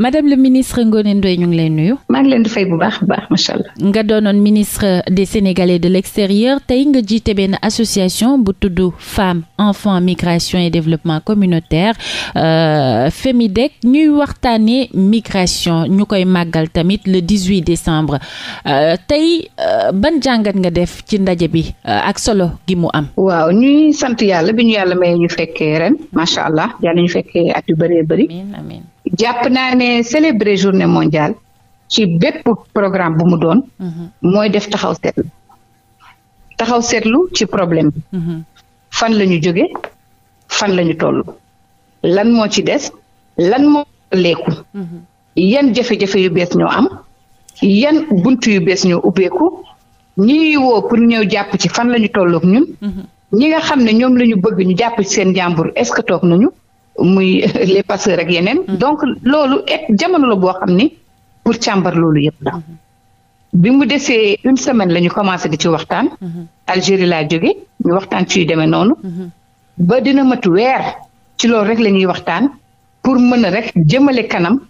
madame le ministre Ngoné Ndoye ñu ngi lay nuyu. maa ngi leen di fay bu baax bu baax macha allah. nga doonoon ministre des sénégalais de l'extérieur tey nga jiite benn association bu tudd femmes enfants migration et développement communautaire euh, FEMIDEC ñuy waxtaanee migration ñu koy màggal tamit le 18 décembre euh, tey euh, ban jàngat nga def ci ndaje bi ak solo gi mu am. waaw ñuy sant yàlla bi ñu yàlla may ñu fekkee ren macha allah yàlla ñu fekkee at yu bëree bëri. jàpp naa ne célébrer journée mondiale ci bépp programme bu mu doon. Mhm. mooy def taxaw seetlu taxaw seetlu ci problème bi. Mhm. fan la ñu jóge fan lañu ñu toll lan moo ci des lan moo leeku mhm. yan jafe-jafe yu bees ñoo am yan bunt yu bees ñoo ubbeeku ñi woo pour ñëw jàpp ci fan la ñu toll ñun. ñi nga xam ne ñoom la ñu bëgg ñu jàpp ci seen jàmbur est-ce que toog nañu. muy les passeurs rek yeneen. Mm-hmm. donc loolu et eh, jamono la boo xam ni pour càmbar loolu yëpp la. Mm-hmm. bi mu desee une semaine la ñu commencé di ci waxtaan. Mm-hmm. Algérie laa jóge ñu waxtaan ci yu demee noonu. ba dina mat weer ci loolu rek la ñuy waxtaan pour mën a rek jëmale kanam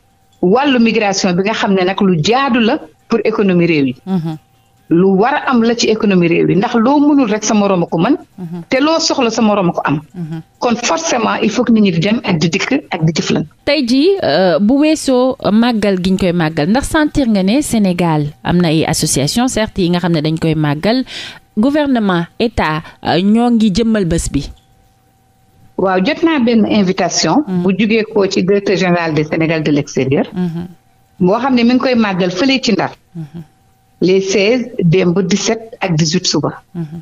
wàllu migration bi nga xam ne nag lu jaadu la pour économie réew yi. lu war a am la ci économie réew yi ndax loo mënul rek sa moroom a ko mën mhm. te loo soxla sa moroom a ko am mhm. kon forcément il faut que nit ñi di dem ak di dikk ak di jëflan tey jii euh, bu weesoo màggal giñ koy màggal ndax sentir nga ne Sénégal am na ay association certes yi nga xam ne dañ koy màggal gouvernement état euh, ñoo ngi jëmmal bés bi waaw jot naa benn invitation mhm. bu jugee ko ci directeur général des Sénégal de l'extérieur boo xam ne mi ngi koy màggal fële ci Ndar le seize démb dix-sept ak dix-huit suba mhm.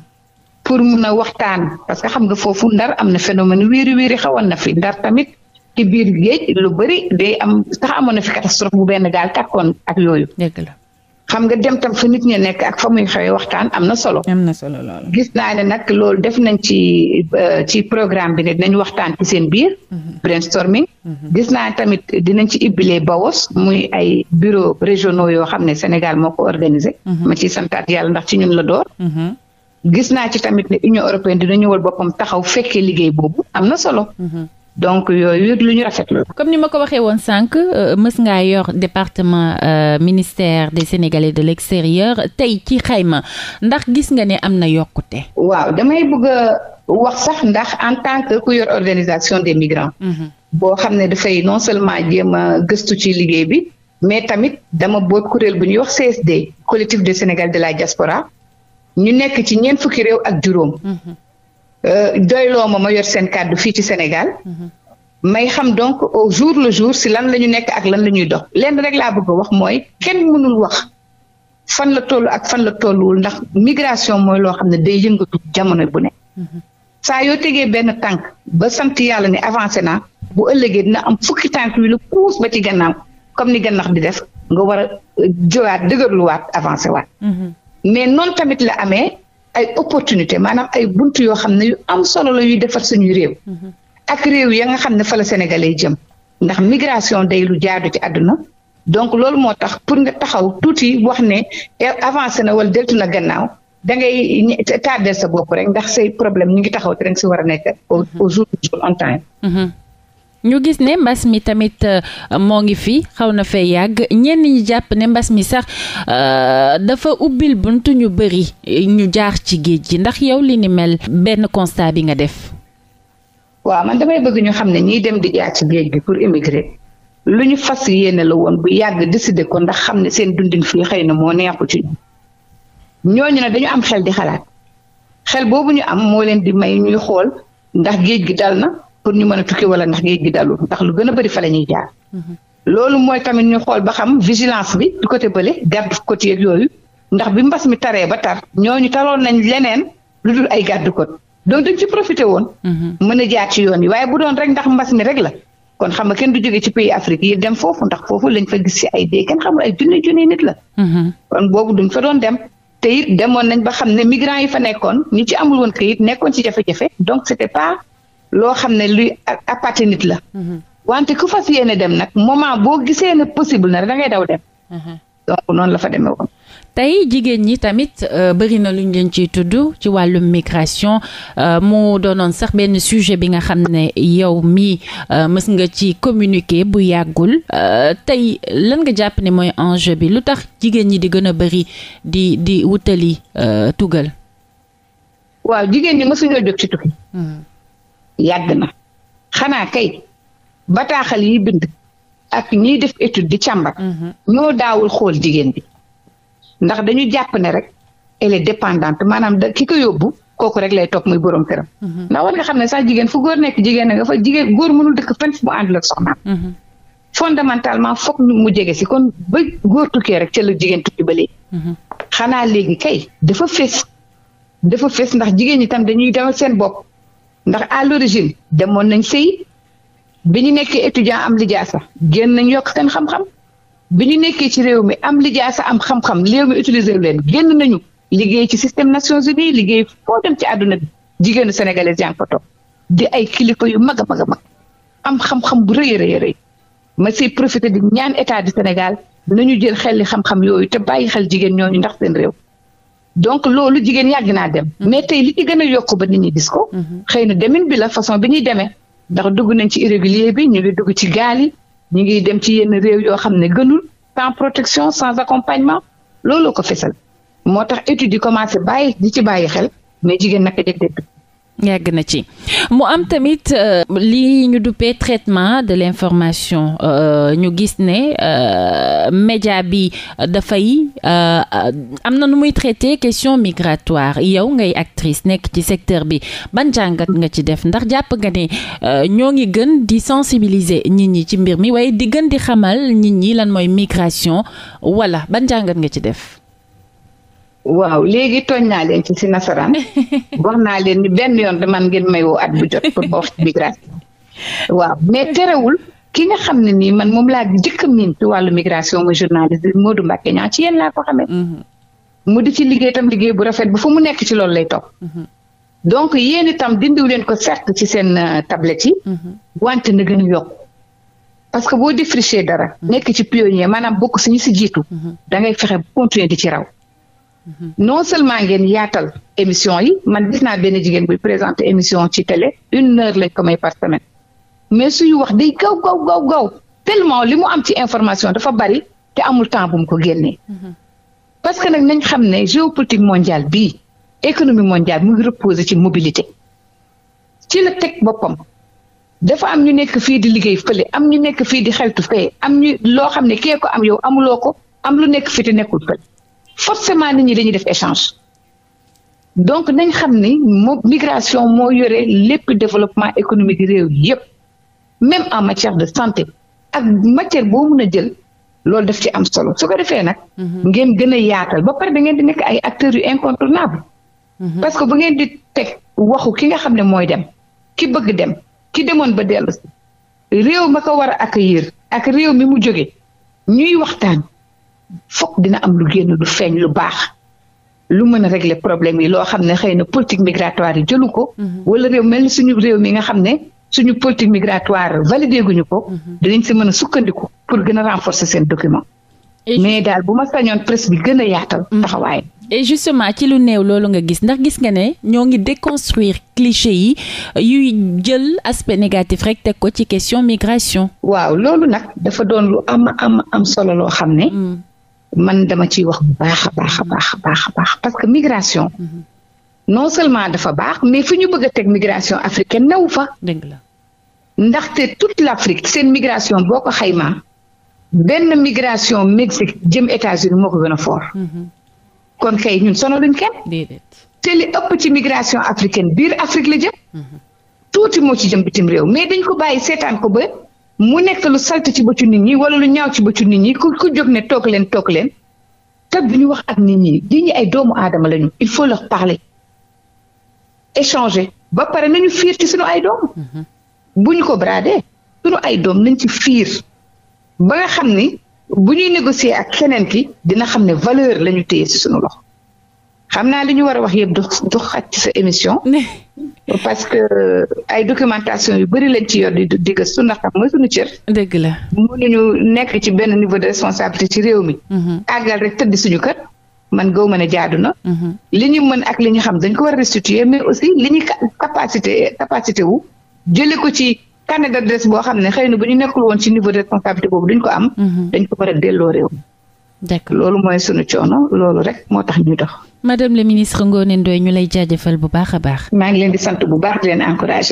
pour mun a waxtaan parce que xam nga foofu ndar am na phénomène wiiri wiiri xawoon na fi ndar tamit ci biir géej lu bëri day am sax amoon na fi catastrophe bu benn gaal kon ak yooyu dëgg la xam nga dem tam fa nit ñi nekk ak fa muy xewee waxtaan am na solo. am na solo lool gis naa ne nag loolu def nañ ci euh, ci programme bi ne dinañ waxtaan ci seen biir. Mhm. brainstorming. Mhm. gis naa tamit dinañ ci ibbilee Bawos muy ay bureau régionaux yoo xam ne Sénégal moo ko organisé. Mhm. ma ci santaat yàlla ndax ci ñun la door. gis naa ci tamit ne Union européenne dina ñëwal boppam taxaw fekkee liggéey boobu am na solo. donc yooyu lu ñu rafetlu comme ni ma ko waxee woon sànq euh, mës nga yor département euh, ministère des Sénégalais de l'extérieur tey ci xayma ndax gis nga ne am na yokkute. waaw damay bëgg a wax sax ndax en tant que ku yor organisation des migrants. Mhm. boo xam ne dafay non seulement jéem a gëstu ci liggéey bi mais tamit dama boot kuréel bu ñuy wax CSD collectif de Sénégal de la diaspora ñu nekk ci ñeent fukki réew ak juróom. Mhm. Euh, doyloo ma ma yor seen kàddu fii ci Sénégal mhm. may xam donc au jour le jour si lan la ñu nekk ak lan la ñuy dox lenn rek laa bëgg a wax mooy kenn mënul wax fan la toll ak fan la tolluwul ndax migration mooy loo xam ne day yëngatu jamono bu nekk mhm. saa yoo tegee benn tànk ba sant yàlla ne avancé naa bu ëllëgee dina am fukki tànk yu la puus ba ci gannaaw comme ni gannax di def nga war a euh, jowaat dëgërluwaat avancé waat mhm. mais noonu tamit la amee ay opportunité maanaam ay bunt yoo xam ne yu am solo la yuy defar suñuy réew ak réew ya nga xam ne fa la sénégalais jëm ndax migration day lu jaadu ci àdduna donc loolu moo tax pour nga taxaw tuuti wax ne eh, avancé na wala deltu na gannaaw da ngay tardé sa bopp rek ndax say problème ñu ngi taxaw te rek si war a nekk au jour du jour en temps mm-hmm. ñu gis ne mbas mi tamit euh, moo ngi fi xaw na fee yàgg ñenn ñi jàpp ne mbas mi sax euh, dafa ubbil bunt ñu bëri ñu jaar ci géej gi ndax yow li ni mel benn constat bi nga def. waaw man damay bëgg ñu xam ne ñiy dem di jaar ci géej gi pour émigrer lu ñu fas yéene la woon bu yàgg décider ko ndax xam ne seen dundin fii xëy na moo neexu ci ñooñu ne dañu am xel di xalaat xel boobu ñu am moo leen di may ñuy xool ndax géej gi dal na. pour ñu mën a tukki wala ndax géej gi dalul ndax lu gën a bëri fa la ñuy jaar. loolu mooy tamit ñu xool ba xam vigilance bi du côté bële garde côte yeeg yooyu ndax bi mbas mi taree ba tar ñooñu taroon nañ leneen lu dul ay garde côte donc dañ ci profité woon. Mhm. mën a jaar ci yoon yi waaye bu doon rek ndax mbas mi rek la. kon xam nga kenn du jóge ci pays Afrique yi dem foofu ndax foofu lañ fa gis ci ay dee kenn xamul ay junni junni nit la. Mhm. kon boobu duñ fa doon dem. te it demoon nañ ba xam ne migrants yi fa nekkoon ñi ci amul woon kayit nekkoon ci jafe-jafe donc c'était pas. loo xam ne luy appartenir la. Mhm. wante ku fas yéene dem nag moment boo gisee ne possible na da daw dem. Mhm. donc noonu la fa demee woon. tey jigéen ñi tamit euh, bari na luñ leen ci tudd ci wàllum migration euh, mu doonoon sax benn sujet bi nga xam ne yow mii euh, mës nga ci communiquer bu yàggul tey lan nga jàpp ne mooy enjeu bi lu tax jigéen ñi di gën a bëri di di wutali tugal. waaw jigéen ñi mësuñoo jóg ci tukki. Mhm. yàgg na xanaa kay bataaxal yi bind ak ñiy def étude di càmbar. Mhm. ñoo daawul xool jigéen bi ndax dañu jàpp ne rek e est dépendante maanaam da ki ko yóbbu kooku rek lay topp muy borom këram. Mhm. ndax war nga xam ne sax jigéen fu góor nekk jigéen nga fa jigéen góor mënul dëkk fenn fu mu àndul ak soxnaam. Mhm. fondamentalement foog mu jege si kon ba góor tukkee rek ca la jigéen tukki ba léegi. xanaa léegi kay dafa fés. dafa fees ndax jigéen ñi tam dañuy demal seen bopp ndax à l'origine demoon nañ sëy bi ñu nekkee étudiant am lijaasa génn nañ yokk seen xam-xam bi ñu nekkee ci réew mi am lijaasa am xam-xam réew mi u leen génn nañu liggéey ci système Nations Unies liggéey foo dem ci àdduna bi jigéenu sénégalais yaa ngi di ay kilifa yu mag a mag am xam-xam bu rëy rëy rëy ma siy profité di ñaan état du Sénégal nañu jël xel li xam-xam yooyu te bàyyi xel jigéen ñooñu ndax seen réew donc loolu jigéen yàgg naa dem. Mm-hmm. mais tey li ci gën a yokk ba nit ñi gis ko. Mm-hmm. xëy na demin bi la façon bi ñuy demee. ndax dugg nañ ci irrégulier bi ñu ngi dugg ci gaal yi ñu ngi dem ci yenn réew yoo xam ne gënul sans protection sans accompagnement looloo ko fesal moo tax études yi commencé bàyyi di ci bàyyi xel mais jigéen naka jëg dëgg yàgg na ci mu am tamit euh, li ñu duppee traitement de l'information euh, ñu gis ne euh, média bi dafay am na nu muy traité question migratoire yow ngay actrice nekk ci secteur bi ban jàngat nga ci def ndax jàpp nga ne ñoo ngi gën di sensibiliser nit ñi ci mbir mi waaye di gën di xamal nit ñi lan mooy migration walla ban jàngat nga ci def waaw léegi tooñ naa leen ci nasoraan nasaraan wax naa leen ni benn yoon de man ngeen may woo at bu jot pour ma wax migration waaw mais terewul ki nga xam ne nii man moom laa jëkk miin ci wàllu migration mooy journaliste bi Modou Mbacke ñaa ci yéen laa ko xamee mm-hmm. mu di ci liggéey tam liggéey bu rafet bu fu mu nekk ci loolu lay topp mm-hmm. donc yéen itam dindiw leen ko certes ci seen euh, tablette yi mm-hmm. wante na gën a yokk parce que boo défriché dara nekk ci pionnier maanaam bokk suñu si jiitu da bu continuer di ci raw non seulement ngeen yaatal émission yi man gis naa benn jigéen buy présenter émission ci télé une heure lañ ko may par semaine mais suñu wax day gaw gaw gaw gaw tellement li mu am ci information dafa bari te amul temps bu mu ko génnee. parce que nag nañ xam ne géopolitique mondiale bii économie mondiale mu ngi reposer ci mobilité ci la teg boppam dafa am ñu nekk fii di liggéey fële am ñu nekk fii di xeltu fee am ñu loo xam ne keko am yow amuloo ko am lu nekk fii te nekkul forcément nit ñi dañuy def échange donc nañ xam ni moo migration moo yore lépp développement économique réew yépp même en matière de santé ak matière boo mën a jël loolu daf ci am solo su ko defee nag. Mhm. ngeen gën a yaatal ba pare da ngeen di nekk ay acteurs yu incontournable mhm. parce que bu ngeen di teg waxu ki nga xam ne mooy dem ki bëgg dem ki demoon ba dellu si réew ma ko war a accueillir ak réew mi mu jóge ñuy waxtaan. fokk dina am lu génn lu feeñ lu baax lu mën a régler problème yi loo xam ne xëy na politique migratoire yi jëlu ko. Mhm. wala réew mel ni suñu réew mi nga xam ne suñu politique migratoire validé guñu ko. Mhm. dinañ si mën a sukkandiku pour gën a renforcer seen document. mais daal bu ma sañoon presse bi gën a yaatal mhm. taxawaay. et justement ci lu néew loolu nga gis ndax gis nga ne ñoo ngi déconstruire cliché yi yuy jël aspect négatif rek teg ko ci question migration. waaw loolu nag dafa doon lu am am am solo loo xam ne. Mm. man dama ciy wax baax a baax a baax a baax a baax parce que migration mhm. non seulement dafa baax mais fu ñu bëgg a teg migration africaine new fa ndaxte toute l'Afrique seen migration boo ko xayma benn migration Mexique jëm États-Unis moo ko gën a fort mhm. kon kay ñun sonaluñ kenn te li ëpp ci migration africaine biir Afrique la jëm mhm. tuuti moo ci jëm bitim réew mais dañ ko bàyyi seetaan ko ba mu nekk lu salte ci bëtu nit ñi wala lu ñaaw ci bëtu nit ñi ku ku jóg ne toog leen toog leen te bu ñu wax ak nit ñi nit ñi ay doomu aadama lañu il faut leur parler échanger ba pare nañu fiir ci suñu ay doom mhm. bu ñu ko bradé suñu ay doom nañ ci fiir ba nga xam ni bu ñuy négocier ak keneen ki dina xam ne valeur lañu téye ci suñu loxo xam naa li ñu war a wax yëpp du du xaj ci sa émission parce que ay documentation yu bëri lañ ci yor di di gëstu ndax xam mooy suñu cër. dégg la mënuñu nekk ci benn niveau de responsabilité ci réew mi. Mhm. àggal rek tëdd suñu kër. man gaw mën a jaadu na. Mhm. li ñu mën ak li ñu xam dañ ko war a restituer mais aussi li ñu capacité capacité wu jëlee ko ci carnet d'adresse boo xam ne xëy na bu ñu nekkul woon ci niveau de responsabilité boobu duñ ko am. Mhm. dañ ko war a delloo réew mi. loolu mooy suñu coono loolu rek moo tax ñuy dox. madame la ministre Ngoné Ndoye ñu lay jaajëfal bu baax a baax. maa ngi leen di sant bu baax di leen encouragé.